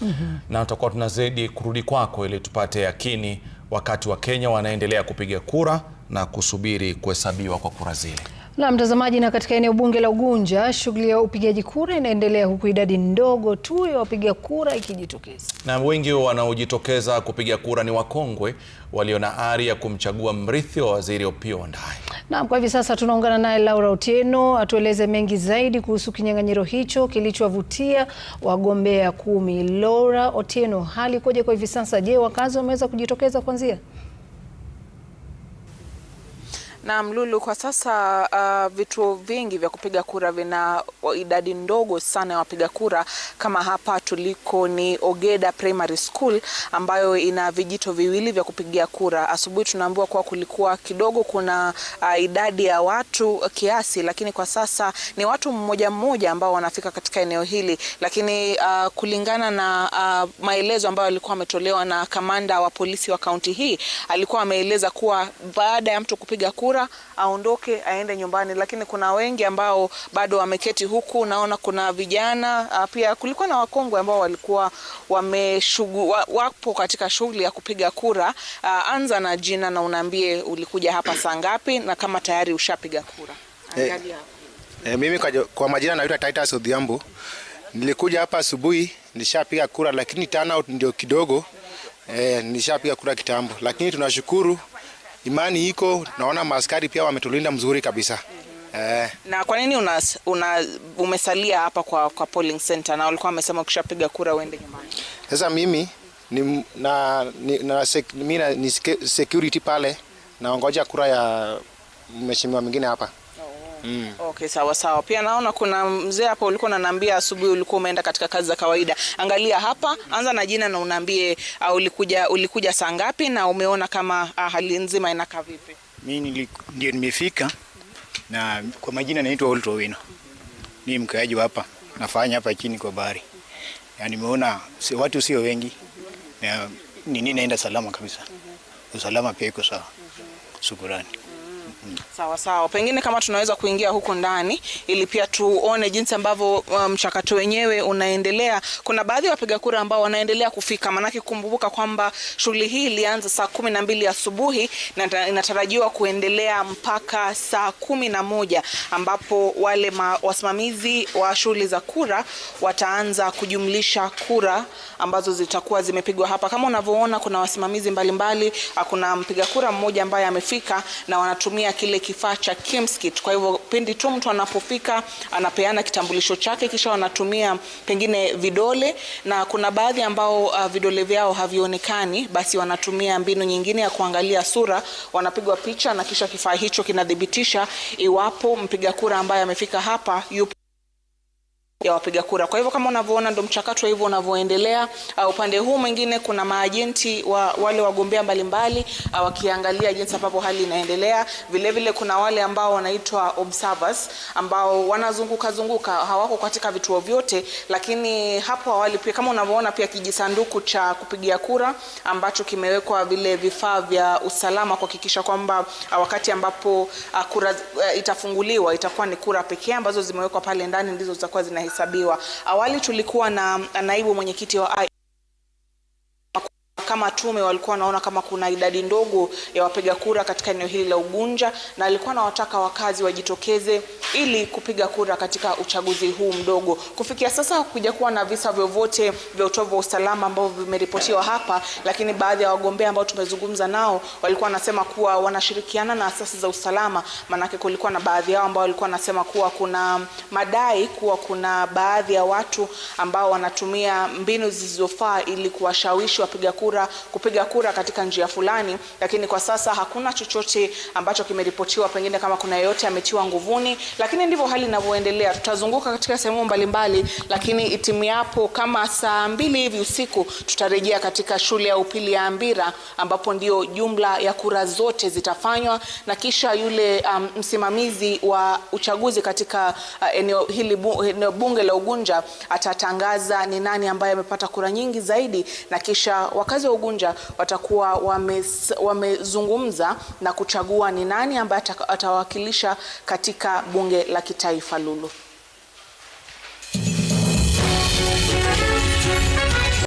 mm -hmm. na tutakuwa tunazidi kurudi kwako ili tupate yakini wakati wa Kenya wanaendelea kupiga kura na kusubiri kuhesabiwa kwa kura zile. Na mtazamaji, na katika eneo bunge la Ugunja shughuli ya upigaji kura inaendelea huku idadi ndogo tu ya wapiga kura ikijitokeza. Na wengi wanaojitokeza kupiga kura ni wakongwe walio na ari ya kumchagua mrithi wa waziri Opiyo Wandayi. Naam, kwa hivi sasa tunaungana naye Laura Otieno atueleze mengi zaidi kuhusu kinyang'anyiro hicho kilichowavutia wagombea kumi. Laura Otieno, hali ikoje kwa hivi sasa? Je, wakazi wameweza kujitokeza kuanzia na Mlulu, kwa sasa uh, vituo vingi vya kupiga kura vina idadi ndogo sana ya wapiga kura. Kama hapa tuliko ni Ogeda Primary School ambayo ina vijito viwili vya kupigia kura. Asubuhi tunaambiwa kuwa kulikuwa kidogo kuna uh, idadi ya watu kiasi, lakini kwa sasa ni watu mmoja mmoja ambao wanafika katika eneo hili, lakini uh, kulingana na uh, maelezo ambayo alikuwa ametolewa na kamanda wa polisi wa kaunti hii, alikuwa ameeleza kuwa baada ya mtu kupiga kura kura aondoke aende nyumbani, lakini kuna wengi ambao bado wameketi huku. Naona kuna vijana ah, pia, kulikuwa na wakongwe ambao walikuwa wameshugu, wapo katika shughuli ya kupiga kura. Ah, anza na jina na unaambie ulikuja hapa saa ngapi na kama tayari ushapiga kura. Eh, eh, mimi kwa, kwa majina naitwa Titus Odhiambo. Nilikuja hapa asubuhi, nishapiga kura, lakini turnout ndio kidogo. Eh, nishapiga kura kitambo, lakini tunashukuru imani iko, naona maaskari pia wametulinda mzuri kabisa. Eh. Na kwa nini una, una, umesalia hapa kwa, kwa polling center na walikuwa wamesema ukishapiga kura uende nyumbani? Sasa mimi ni, na, ni, na, sek, mi na, ni security pale naongoja kura ya mheshimiwa mwingine hapa. Mm. Okay, sawa sawa. Pia naona kuna mzee hapo ulikuwa unaniambia asubuhi ulikuwa umeenda katika kazi za kawaida. Angalia hapa, anza na jina na unaambie uh, ah, ulikuja ulikuja saa ngapi na umeona kama uh, hali nzima inakaa vipi? Mimi ndio nimefika na kwa majina naitwa Olto Wino. Ni mkaaji hapa. Nafanya hapa chini kwa bahari. Na nimeona si, watu sio wengi. Na nini naenda salama kabisa. Usalama pia iko sawa. Shukrani. Sawa sawa, pengine kama tunaweza kuingia huko ndani ili pia tuone jinsi ambavyo um, mchakato um, wenyewe unaendelea. Kuna baadhi ya wapiga kura ambao wanaendelea kufika, maanake kumbuka kwamba shughuli hii ilianza saa kumi na mbili asubuhi na inatarajiwa kuendelea mpaka saa kumi na moja ambapo wale ma, wasimamizi wa shughuli za kura wataanza kujumlisha kura ambazo zitakuwa zimepigwa hapa. Kama unavyoona, kuna wasimamizi mbalimbali mbali, kuna mpiga kura mmoja ambaye amefika na wanatumia kutumia kile kifaa cha Kimskit. Kwa hivyo pindi tu mtu anapofika anapeana kitambulisho chake, kisha wanatumia pengine vidole, na kuna baadhi ambao uh, vidole vyao havionekani, basi wanatumia mbinu nyingine ya kuangalia sura, wanapigwa picha na kisha kifaa hicho kinathibitisha iwapo mpiga kura ambaye amefika hapa yupo ya wapiga kura. Kwa hivyo kama unavyoona ndio mchakato hivyo unavyoendelea. Uh, upande huu mwingine kuna maajenti wa wale wagombea mbalimbali uh, wakiangalia jinsi ambavyo hali inaendelea. Vile vile kuna wale ambao wanaitwa observers ambao wanazunguka zunguka, hawako katika vituo vyote, lakini hapo awali pia kama unavyoona pia kijisanduku cha kupigia kura ambacho kimewekwa vile vifaa vya usalama kuhakikisha kwamba uh, wakati ambapo uh, kura uh, itafunguliwa itakuwa ni kura pekee ambazo zimewekwa pale ndani ndizo zitakuwa zina zinahesabiwa. Awali tulikuwa na naibu mwenyekiti wa kama tume walikuwa wanaona kama kuna idadi ndogo ya wapiga kura katika eneo hili la Ugunja, na alikuwa anawataka wakazi wajitokeze ili kupiga kura katika uchaguzi huu mdogo. Kufikia sasa hakuja kuwa na visa vyovyote vya utovu wa usalama ambao vimeripotiwa hapa, lakini baadhi ya wagombea ambao tumezungumza nao walikuwa wanasema kuwa wanashirikiana na asasi za usalama, maanake kulikuwa na baadhi yao ambao walikuwa wanasema kuwa kuna madai kuwa kuna baadhi ya watu ambao wanatumia mbinu zisizofaa ili kuwashawishi wapiga kura kura kupiga kura katika njia fulani, lakini kwa sasa hakuna chochote ambacho kimeripotiwa, pengine kama kuna yeyote ametiwa nguvuni, lakini ndivyo hali inavyoendelea. Tutazunguka katika sehemu mbalimbali, lakini itimiapo kama saa mbili hivi usiku tutarejea katika shule ya upili ya Ambira ambapo ndio jumla ya kura zote zitafanywa na kisha yule um, msimamizi wa uchaguzi katika uh, eneo hili bu, eneo bunge la Ugunja atatangaza ni nani ambaye amepata kura nyingi zaidi na kisha wakazi wa Ugunja watakuwa wamezungumza wame na kuchagua ni nani ambaye atawakilisha katika bunge la kitaifa Lulu.